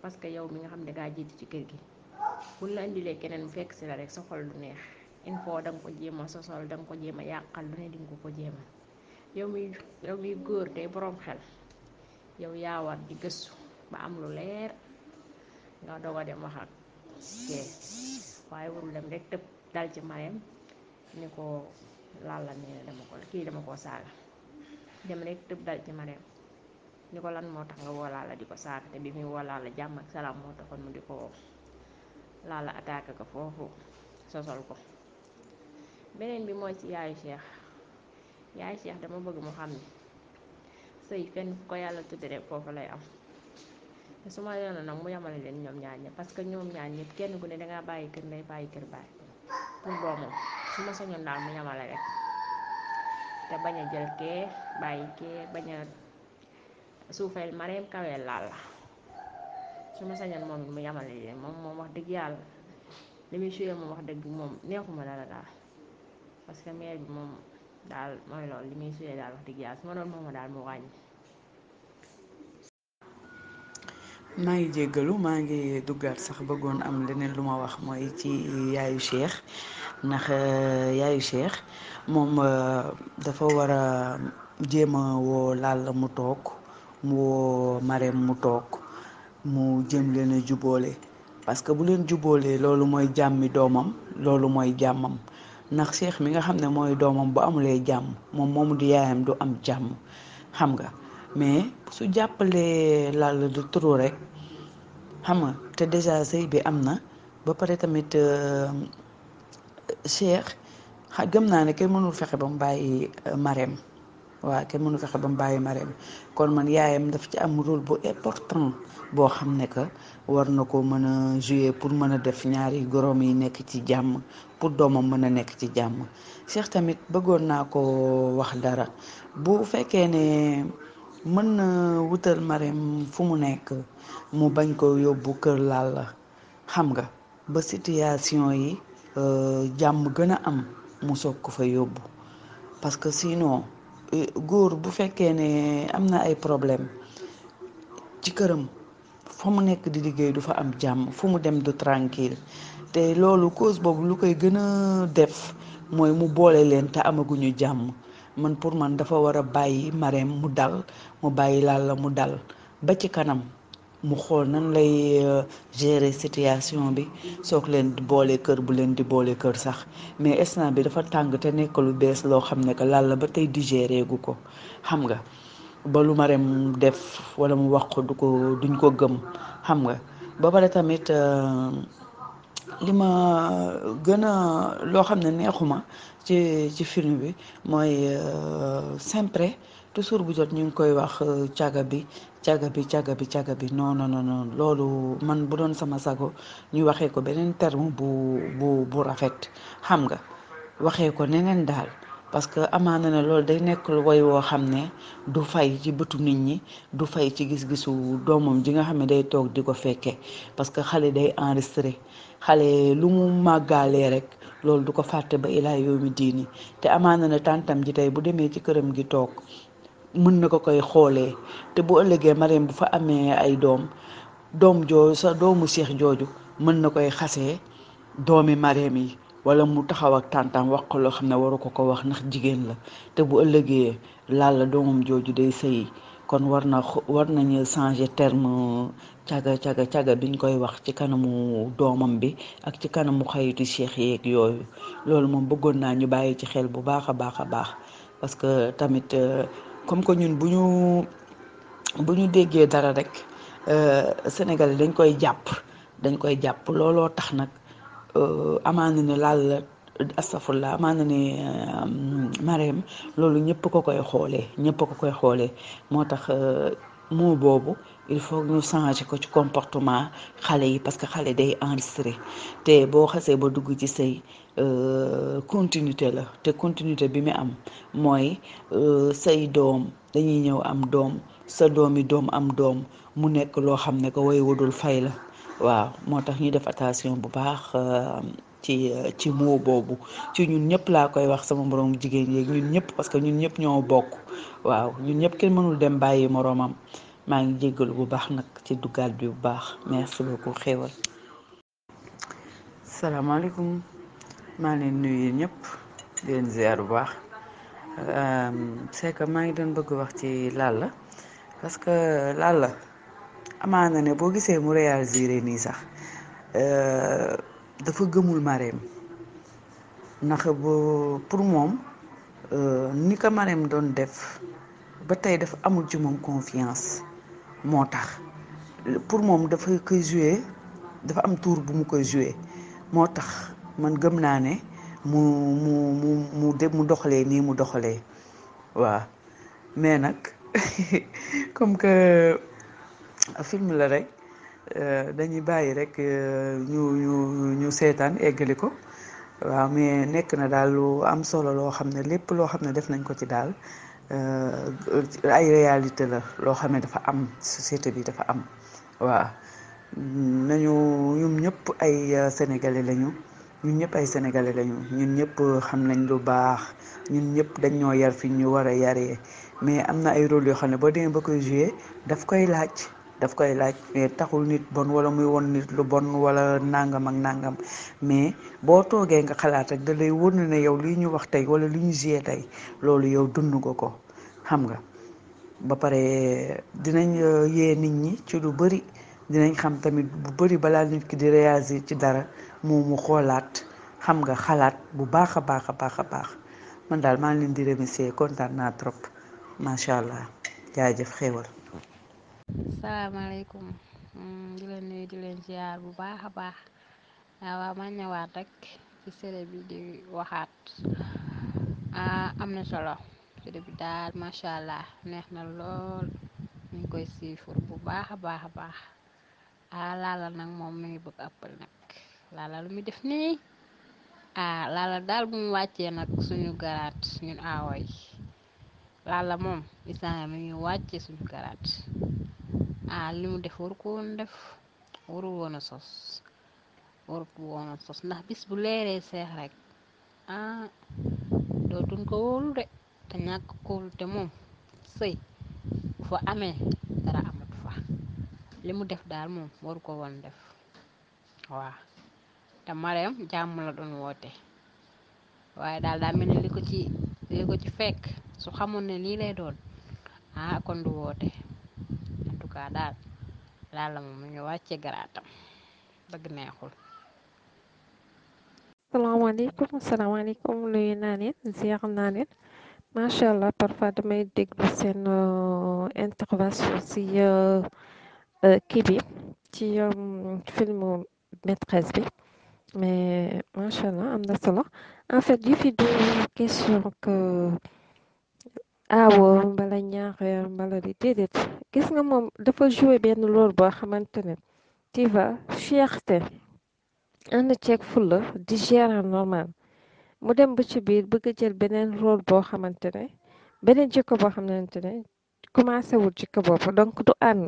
parce que yow mi nga xam ne gaa jiitu ci kër gi bu la indilee keneen mu fekk si la rek sa du neex une fois danga ko jéem a sosol danga ko jéem a yàqal lu ne dinga ko ko jéem a yow góor tey boroom xel yow yaa war di gëstu ba am lu leer nga doog a dem wax ak waaye warul dem rek tëb ci mareem ni ko lalla nee na dama ko kii saaga dem rek tëb dal ci mareem ni ko lan moo tax nga woo lalla di ko saaga te bi muy woo lalla jàmm ak salaam moo taxoon mu di ko woo lalla attaque ko foofu sosol ko beneen bi mooy ci yaayu Cheikh yaayu Cheikh dama bëgg mu xam ne sëy fenn ko yàlla tudde rek foofu lay am te su ma yoon nag mu yamale leen ñoom ñaar ñëpp parce que ñoom ñaar kenn ku ne dangaa bàyyi kër ndey bàyyi kër baay pour su ma soñoon daal mu yamale rek te bañ a jël kee bàyyi kee bañ a suufeel mareem kaweel laal la su ma sañoon moom mu yamale leen moom moom wax dëgg yàlla li muy moom wax dëgg moom neexuma dara daal parce que maire bi moom daal mooy loolu li suyee daal wax dëgg yàlla ma doon mooma daal ngi jéggalu maa ngi duggaat sax bëggoon am leneen lu ma wax mooy ci yaayu Cheikh ndax euh, yaayu Cheikh moom euh, dafa war a jéem a woo Lalla mu toog mu woo Marème mu toog mu jëm leen a jubóole parce que bu leen jubóolee loolu mooy jàmmi doomam loolu mooy jàmmam ndax seex mi nga xam ne mooy doomam bu amulee jàmm moom moomu du yaayam du am jàmm xam nga mais su jàppalee lal du trop rek xam nga te déjà sëy bi am na ba pare tamit seex euh, gëm naa ne kenn mënul fexe ba mu bàyyi euh, mareem waa kenn mënul fexe ba mu bàyyi mareem kon man yaayam daf ci am rôle bu important boo xam ne que war na ko mën a jouer pour mën a def ñaari gorom yi nekk ci jàmm pour doomam mën a nekk ci jàmm Cheikh tamit bëggoon naa ko wax dara bu fekkee ne mën na wutal Marème fu mu nekk mu bañ koo yóbbu kër laal la xam nga ba situation yi euh, jàmm gën a am mu soog ko fa yóbbu parce que sinon euh, góor bu fekkee ne am na ay problème ci këram fa mu nekk di liggéey du fa am jàmm fu mu dem du tranquille te loolu cause boobu lu koy gën a def mooy mu boole leen te amaguñu jàmm man pour man dafa war a bàyyi Marème mu dal mu bàyyi Lalla mu dal ba ci kanam mu xool nan lay euh, gérer situation bi soog leen di boole kër bu leen di boole kër sax mais instant bi dafa tàng te nekk lu bees loo xam ne que Lalla ba tey digéré gu ko xam nga. ba lu Marème def wala mu wax ko du ko duñ ko gëm xam nga ba pare tamit euh, li ma gën a loo xam ne neexuma ci ci film bi mooy euh, sempre toujours bu jot ñu ngi koy wax càgga euh, bi càgga bi càgga bi càgga bi non non loolu man bu doon sama sago ñu waxee ko beneen terme bu bu bu rafet xam nga waxee ko neneen daal parce que na ne loolu day nekk lu woy woo xam ne du fay ci bëtu nit ñi du fay ci gis-gisu doomam ji nga xam ne day toog di ko fekke parce que xale day enregistré xale lu mu màggaalee rek loolu du ko fàtte ba ilaa yoomi diini te amaana ne tàntam ji tey bu demee ci këram gi toog mën na ko koy xoolee te bu ëllëgee mareem bu fa amee ay doom doom joo doomu seex jooju mën na koy xasee doomi mareem yi wala mu taxaw ak tàntaam wax ko loo xam ne waru ko ko wax ndax jigéen la te bu ëllëgee laal doomam jooju day sëyi kon war na war nañu changer terme caga caga caga biñ koy wax ci kanamu doomam bi ak ci kanamu xayitu cheikh yeeg yooyu loolu moom bëggoon naa ñu bàyyi ci xel bu baax a baax a baax parce que tamit euh, comme que ñun bu ñu bu ñu déggee dara rek euh, Sénégal dañ koy jàpp dañ koy jàpp looloo tax nag. Euh, na ne laal la astafurla amaana ne euh, Marème loolu ñëpp ko koy xoolee ñëpp ko koy xoolee moo tax euh, moo boobu il faut ñu changer ko ci comportement xale yi parce que xale day enregistré te boo xasee ba dugg ci sëy continuité la te continuité bi mu am mooy say doom dañuy ñëw am doom sa doomi doom am doom mu nekk loo xam ne ko way wudul fay la waaw moo tax ñuy def attention bu baax euh, ci euh, ci moo boobu ci ñun ñëpp laa koy wax sama moroom jigéen yeeg ñun ñëpp parce que ñun ñëpp ñoo bokk waaw ñun ñëpp kenn mënul dem bàyyi moroomam maa ngi jéggalu bu baax nag ci duggaat bi bu baax merci beaucoup xéewal salaamaaleykum maa leen nuyu ñëpp di leen bu baax euh, c'est que maa ngi doon bëgg wax ci Lalla parce que Lalla nga ne boo gisee mu réagir nii sax euh, dafa gëmul Marème ndax boo pour moom euh, ni ko Marème doon def ba tey dafa amul ci moom confiance moo tax pour moom dafa koy jouer dafa am tour bu mu koy jouer moo tax man gëm naa ne mu mu mu mu de mu doxalee nii mu doxalee waaw mais nag comme que. film la rek euh, dañuy bàyyi rek euh, ñu ñu ñu seetaan eggali ko waaw mais nekk na daal lu am solo loo xam ne lépp loo xam ne def nañ ko ci daal euh, ay réalité la loo xam ne dafa am société bi dafa am waaw nañu ñun ñëpp ay sénégalais lañu ñun ñëpp ay sénégalais lañu ñun ñëpp xam nañ lu baax ñun ñëpp dañ ñoo yar fi ñu war a yaree mais am na ay rôle yoo xam ne boo demee ba koy joué daf koy laaj. daf koy laaj mais taxul nit bon wala muy won nit lu bon wala nangam ak nangam mais boo toogee nga xalaat rek da lay wóor ne yow lii ñu wax tey wala li ñu gisee tey loolu yow dund ko ko xam nga ba pare dinañ euh, yee nit ñi ci lu bëri dinañ xam tamit bu bëri balaa nit ki di réagir ci dara moo mu xoolaat xam nga xalaat bu baax a baax a baax a baax man daal maa ngi leen di remercier kontaan naa trop macha allah jaajëf xéewal salaamaaleykum mm, di leen nuyu di leen ziar bu baax a baax ah, waaw ma ñëwaat rek ci série bi di waxaat ah, am na solo série bi daal macha allah neex na lool mu ngi koy siifur bu baax a baax a baax ah laala nag moom mi bëgg appal nag laala lu muy def nii ah laala daal bu mu wàccee nag suñu garaat ñun aawooy laala moom isaan mi ngi wàcce suñu garaat. a li mu def waru ko woon def waru woon a sos waru woon a sos ndax bis bu leeree seex rek ah dootuñ ko wóolu de te ñàkk kóolu te moom sëy fo fa amee dara amut fa li mu def daal moom waru ko woon def waaw te Marème jàmm doon woote waaye daal daa mel ci li ko ci fekk su xamoon ne lii lay doon ah kon du woote cas daal laala moom mu ngi wàcce garaatam dëgg neexul. salaamaaleykum salaamaaleykum nuyu naa leen ziar naa leen macha allah parfois damay déglu seen euh, intervention si euh, euh, kii bi filmu maîtresse mais macha allah am na en fait yi du question Ah, aawoo mbala ñaaxeer mbala di déedéet gis nga moom dafa joué benn lool boo xamante ne tu vois fierté ànd ceeg fulla di gérer normal mu dem ba ci biir bëgg a jël beneen rôle boo xamante ne beneen jikko boo xamante ne commencé wul jikko bopp donc du ànd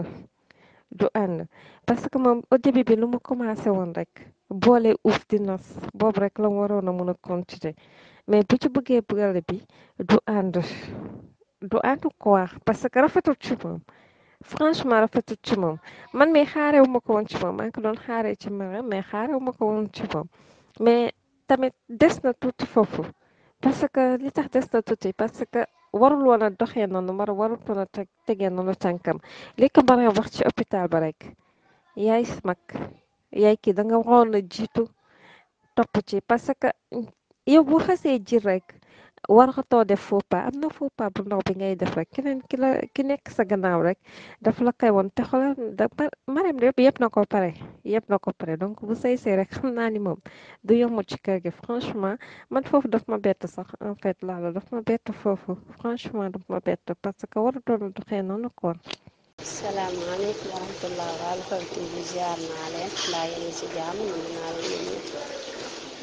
du ànd parce que moom au début bi lu mu commencé woon rek boole uuf di nos boobu rek la waroon a mun a continuer mais bu ci bëggee bëgale bi du ànd du ànd ko wax parce que rafetul ci moom franchement rafetul ci moom man mii xaarewu ma ko woon ci moom xaare ngi ko doon xaaree mais ma ko woon ci moom tamit des na tuuti foofu parce que li tax des na tuuti parce que warul loon a doxee noonu mar warul woon a tegee noonu tànkam li ko Mariam wax ci hôpital ba rek yaay mag yaay kii da nga waroon jiitu topp ci parce que yow bu xasee ji rek. war nga too def faux am na faux pas ndaw bi ngay def rek keneen ki la ki nekk sa gannaaw rek daf la koy woon te xoolal da maram yëpp yëpp na ko pare yëpp na ko pare donc bu say see rek xam naa ni moom du yomb ci kër gi franchement man foofu daf ma bet sax en fait laala daf ma bett foofu franchement daf ma bett parce que warutoon na a noonu koon salaamaaleykum wa rahmatulah waa Louga TV ziar naa leen laa si jàmm mën naa leen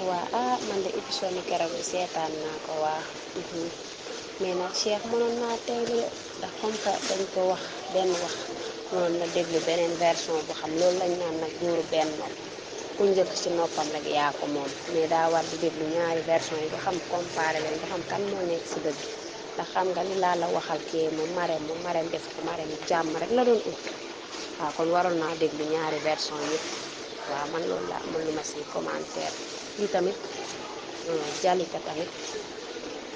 waa ah man de émission bi keroog bi seetaan naa ko waa mhm. mais nag Cheikh mënoon naa teelu de ndax comme que dañ ko wax benn wax mënoon na déglu beneen version bu xam loolu lañ naan nag dóoru benn ku njëkk ci noppam rek yaa ko moom mais daa war déglu ñaari version yi ba xam comparé leen ba xam kan moo nekk ci dëgg ndax xam nga ni laa la waxal kii moom mareem moom mareem def ko mareem jàmm rek la doon ut waaw kon waroon naa déglu ñaari version yëpp waaw man loolu laa mën lu ma si commentaire kii tamit mm, ka tamit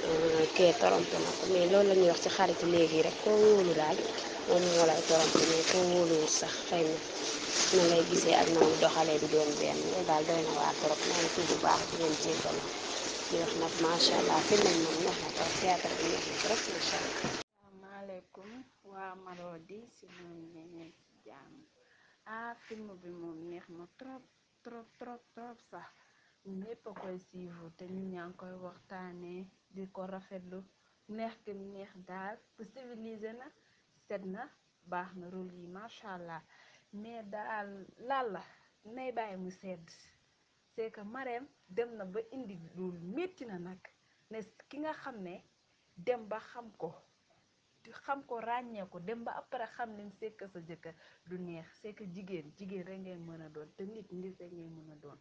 mm, kee torompe na ko mais loolu la wax ci xarit léegi rek koo wóolu daal moom moo lay torompe mais koo wóoluwul sax xëy na na ngay gisee ak noonu doxalee du doon benn daal doy na waa trop maa di leen neex na théâtre bi neex na trop macha allah. Ah, neex na trop ñëpp a koy siivu te ñu ñaa koy waxtaanee di ko rafetlu neex ki neex daal civilisé na sedd na baax na rôle yi macha allah mais daal laal la nay bàyyi mu sedd c'est que dem na ba indi loolu métti na nag ne ki nga xam ne dem ba xam ko xam ko ràññee ko dem ba après xam ne c'est que sa jëkkër du neex c'est jigéen jigéen rek ngay mën a doon te nit nit rek ngay mën a doon.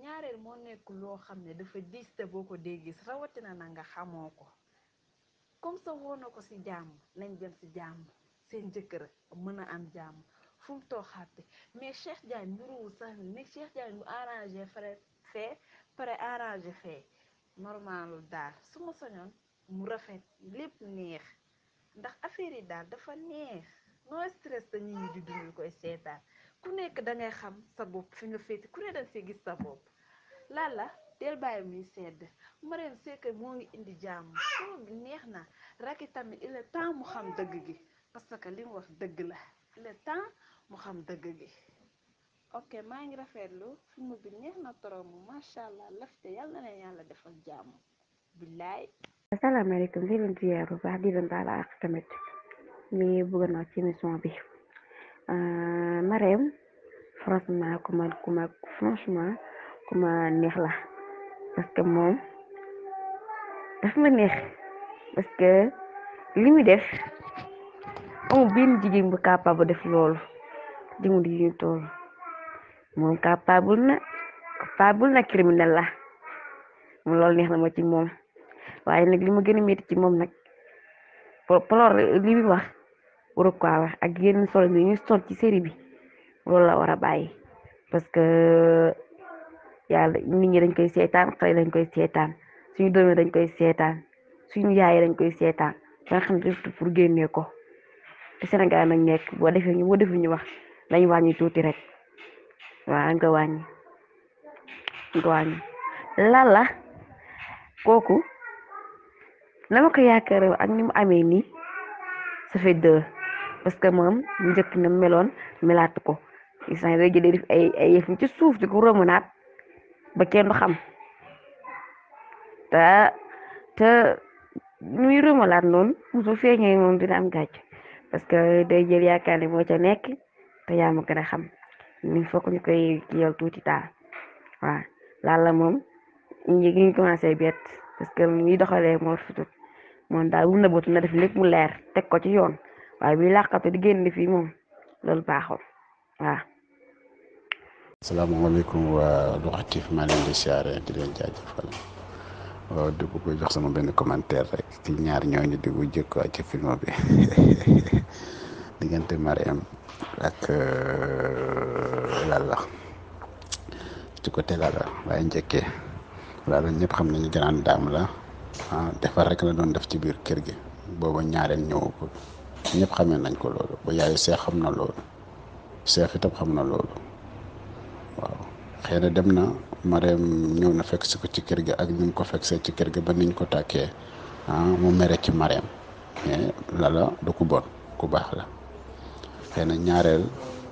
ñaareel moo nekk loo xam ne dafa diis boo ko dee gis rawatina na nga xamoo ko comme ça woo na ko ci jàmm lañ dem ci jàmm seen jëkkër a mën a am jàmm fum mu too mais Cheikh Diagne niruwul sax ni Cheikh Diagne bu arrangé pare arrangé fee normalul daal su ma soñoon mu rafet lépp neex ndax affaire yi daal dafa neex no stress te ñu koy seetaan ku nekk dangay xam sa bopp fi nga féete ku ne danga si gis sa bopp lalla del bàyyi muy sedd Marème Seck moo ngi indi jàmm soo bi neex na Racky tamit il est temps mu xam dëgg gi parce que li wax dëgg la il mu xam dëgg gi ok maa ngi rafetlu film bi neex na trop macha allah lafte yàlla na yàlla defal jàmm billaay asalaamaaleykum di leen ziyaar bu baax di leen baal ak tamit li bëgg naa ci émission bi Euh, Marème franchement ku ma ku ma franchement ku ma neex la parce que moom daf ma neex parce que li mu def amul benn jigéen bu capable def loolu jëmul yi ñu toll moom capable na capable na la moom loolu neex na ma ci moom waaye nag li ma gën a ci moom nag plor li wax waru ko wax ak yenn solo bi ñu sol ci série bi loolu la war a bàyyi parce que yàlla nit ñi dañ koy seetaan xale dañ koy seetaan suñu doom dañ koy seetaan suñu yaay dañ koy seetaan ba pour génnee ko te Sénégal nañ nekk boo defee ñu boo defee ñu wax dañ wàññi tuuti rek waa dañ ko wàññi dañ kooku na ma ko yaakaaree ak ni mu amee nii ça fait parce que moom njëkk na meloon melaatu ko instant yooyu day def ay ci suuf di ko naat ba kenn xam te te ñuy romalaat noonu mosu feeñee moom di am gàcc parce que day jël yaakaar ne moo ca nekk te yaa ma gën xam il faut que ñu koy kiyal tuuti taal waaw laala moom ñi ngi commencé bett parce que ñuy doxalee moo fi tut moom daal bu nëbbatu na def lépp mu leer teg ko ci yoon. waaye bi làqatu di génn moom loolu baaxul waaw. asalaamaaleykum waa Louga TV maa leen di siyaare di leen jaajëfal waaw jox sama benn commentaire rek ci ñaar ñooñu di ko jëkkoon ci film bi diggante Mariam ak euh, Lalla ci côté Lalla waaye njëkkee Lalla ñëpp xam nañu grande dame la ah defar rek la doon def ci biir kër gi booba ñaareel ñëwagul. ñëpp xame nañ ko loolu ba yaayu seex xam na loolu seex itam xam na loolu waaw xëy na dem na mareem ñëw na fekk si ko ci kër ga ak ni ko fekk see ci kër ga ba niñ ko tàkkee ah, mu mere ci mareem lala du ku bon ku baax xëy na ñaareel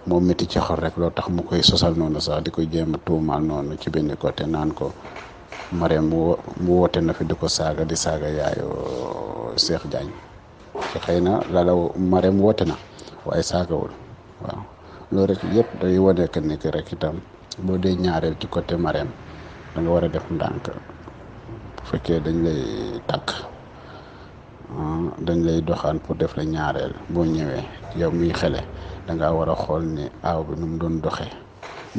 moom métti ci xol rek loo tax mu koy sosal noonu sax di koy jéem a tuumaal noonu ci benn côté naan ko mareem mu woote na fi di ko saaga di saaga yaayoo Cheikh Diagne te xëy na lalaw marem woote na waaye saagawul waaw loolu rek yëpp day wane que ni rek itam boo dee ñaareel ci côté marem da nga war a def ndànk bu fekkee dañ lay takk ah, dañ lay doxaan pour def la ñaareel boo ñëwee yow muy xele danga ngaa war a xool ne aaw bi nu mu doon doxee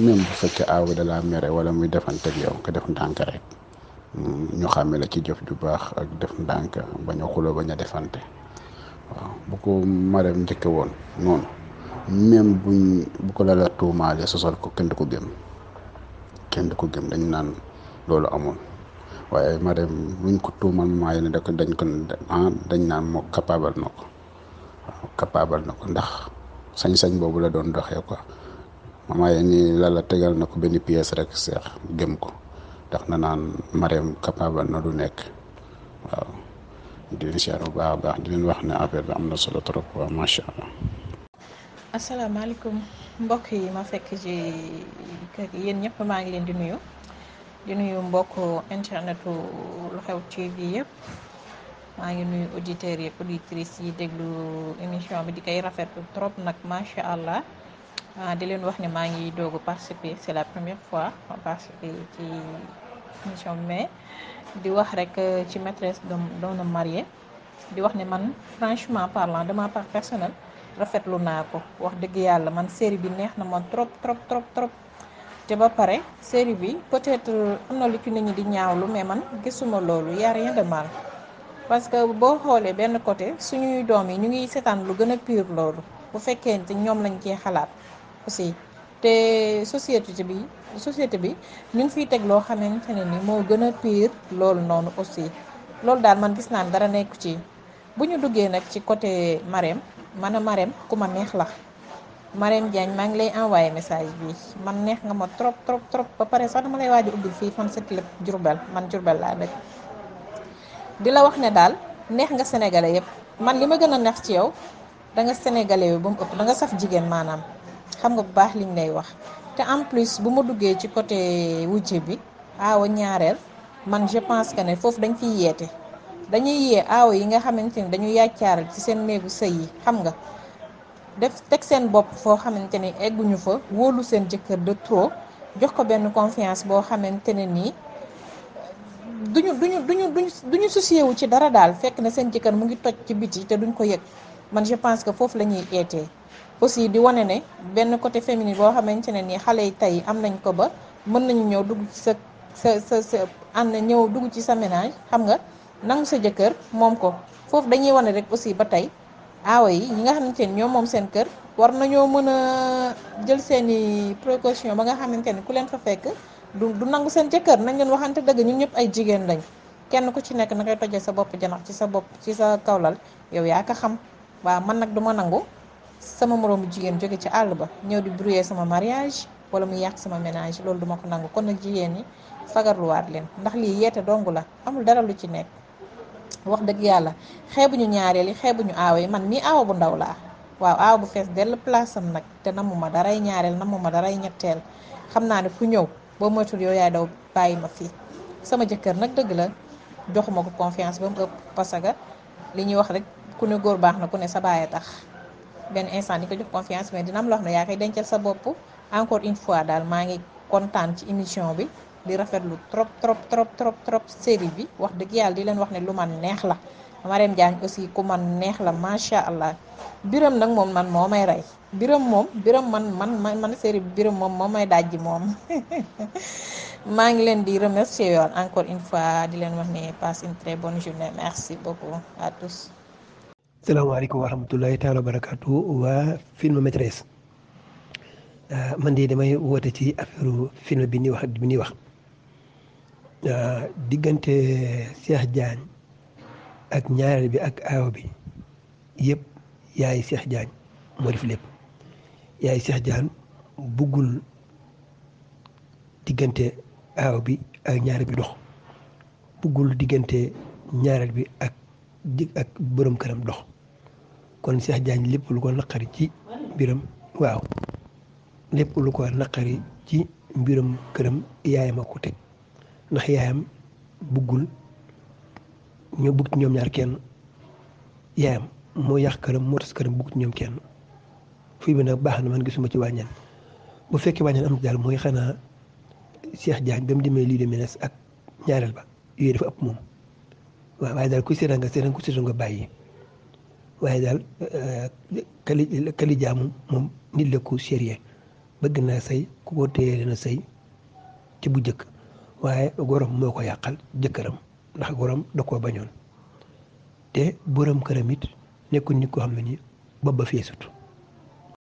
même bu fekkee aaw bi mere wala muy defanteeg yow nga def ndànk rek hmm, ñu xàmme la ci jëf ju baax ak def ndànk bañ a xuloo bañ a defante. waaw bu ko mareem njëkke woon noonu même buñ bu ko lala tuumaale sosal ko kenn du ko gëm kenn du ko gëm dañ naan loolu amoon waaye mareem buñ ko tuumal maaye ne da ko dañ ko ah, dañ naan moo capable na ko waaw ndax sañ-sañ boobu la doon doxee quoi maaye ni lala tegal na ko benn pièce rek seex gëm ko ndax na naan mareem capable na du nekk waaw di leen siyaar bu baax baax di leen wax ne affaire bi na solo trop waaw macha allah. asalaamaaleykum mbokk yi ma fekk ji kër yéen ñëpp maa ngi leen di nuyu di nuyu mbokk internet lu xew TV yëpp maa ngi nuyu auditeurs yëpp auditrices yi déglu émission bi di koy rafetlu trop nag macha allah ah, di leen wax ne maa ngi doogu participer c'est la première fois ma participer ci. émission mais di wax rek euh, ci maîtresse d'un doona marié di wax ne man franchement parlant de ma part personnelle rafetlu naa ko wax dëgg yàlla man série bi neex na ma trop trop trop trop te ba pare série bi peut-être euh, am na lu ci nit ñi di lu mais man gisuma loolu y a rien mal parce que boo xoolee benn côté suñuy doom yi ñu ngi seetaan lu gën a pire loolu bu fekkee ñoom lañ cee xalaat aussi. te société bi société bi ñu ngi fiy teg loo xam ne ni moo gën a pire loolu noonu aussi loolu daal man gis naa dara nekku ci bu ñu duggee nag ci côté Marème man a Marème ku ma neex la Marème Diagne maa ngi lay envoyé message bi man neex nga ma trop trop trop ba pare sax dama lay waaj a fii fan sa club Diourbel man Diourbel laa dëkk di la wax ne daal neex nga sénégalais yëpp man li ma gën a neex ci yow da nga sénégalais bi ba mu ëpp da nga saf jigéen maanaam. xam nga bu baax liñ lay wax te en plus bu ma duggee ci côté wujje bi aawa ñaareel man je pense que ne foofu dañ fiy yeete dañuy yee aawa yi nga xamante ni dañu yàccaaral ci seen néegu sëy yi xam nga def teg seen bopp foo xamante ni egguñu fa wóolu seen jëkkër de trop jox ko benn confiance boo xamante ne nii duñu duñu duñu duñu duñu soucié wu ci dara daal fekk na seen jëkkër mu ngi toj ci biti te duñ ko yëg man je pense que foofu la ñuy eetee aussi di wane ne benn côté féminin boo xamante ne nii xale yi tey am nañ ko ba mën nañu ñëw dugg ci sa sa sa sa na ñëw dugg ci sa ménage xam nga nangu sa jëkkër moom ko foofu dañuy wane rek aussi ba tey aawa yi ñi nga xamante ni ñoom moom seen kër war nañoo mën a jël seeni précaution ba nga xamante ni ku leen fa fekk du du nangu seen jëkkër nañ leen waxante dëgg ñu ñëpp ay jigéen lañ kenn ku ci nekk na ngay tojee sa bopp janax ci sa bopp ci sa kawlal yow yaa ko xam waaw man nag du ma nangu sama moroomu jigéen jóge ci àll ba ñëw di brouiller sama mariage wala mu yàq sama ménage loolu duma ko nangu kon nag jigéen ñi fagarluwaat leen ndax lii yeete dong la amul dara lu ci nekk wax dëgg yàlla xeebu ñu ñaareel yi xeebuñu aawa yi man mii aawa bu ndaw laa waaw aawa bu fees dell place am nag te namuma daray ñaareel ma daray ñetteel xam naa ne ku ñëw boo moytul yow yaay daw bàyyi ma fii sama jëkkër nag dëgg la joxuma ko confiance ba ëpp parce que li ñuy wax rek ku ne góor baax na ku ne sa baay tax benn instant di ko jox confiance mais dina am loo xam ne yaa koy dencal sa bopp encore une fois daal maa ngi kontaan ci émission bi di rafetlu trop trop trop trop trop série bi wax dëgg yàlla di leen wax ne lu man neex la Marème Diagne aussi ku man neex la macha allah biram nag moom man moo may rey biram moom biram man man man man série bi biram moom moo may dajji moom maa ngi leen di remercier yoon encore une fois di leen wax ne passe une très bonne journée merci salaamaaleykum wa rahmatullahi taala wa barakaatu waa film maîtresse ah, man de damay woote ci affaire film bi ñuy wax bi ñuy wax ah, diggante Cheikh Diagne ak ñaareel bi ak aaw bi yépp yaay seex Diagne moo def lépp yaay Cheikh Diagne buggul diggante aaw bi ak ñaareel bi dox buggul diggante ñaareel bi ak. di ak këram dox kon Cheikh Diagne lépp lu ko naqari ci mbiram waaw lépp lu ko naqari ci mbiram këram yaayam a ko teg ndax yaayam buggul ñoo bugg ci ñoom ñaar kenn yaayam moo yax këram moo tas këram bugg ci ñoom kenn fii bi nag baax na man gisuma ci wàññeen bu fekkee wàññeen am daal mooy xanaa Cheikh Diagne ba mu demee lii de menace ak ñaareel ba yooyu dafa ëpp moom waaw waaye daal ku seetaan nga seetaan ku seetaan nga bàyyi waaye daal eh, kali kali jaamu moom nit la ku bëgg naa sëy ku ko téye na sëy ci bu jëkk waaye gorom moo ko yàqal jëkkëram ndax gorom da koo bañoon te borom këram it nekkul nit koo xam ne nii bopp ba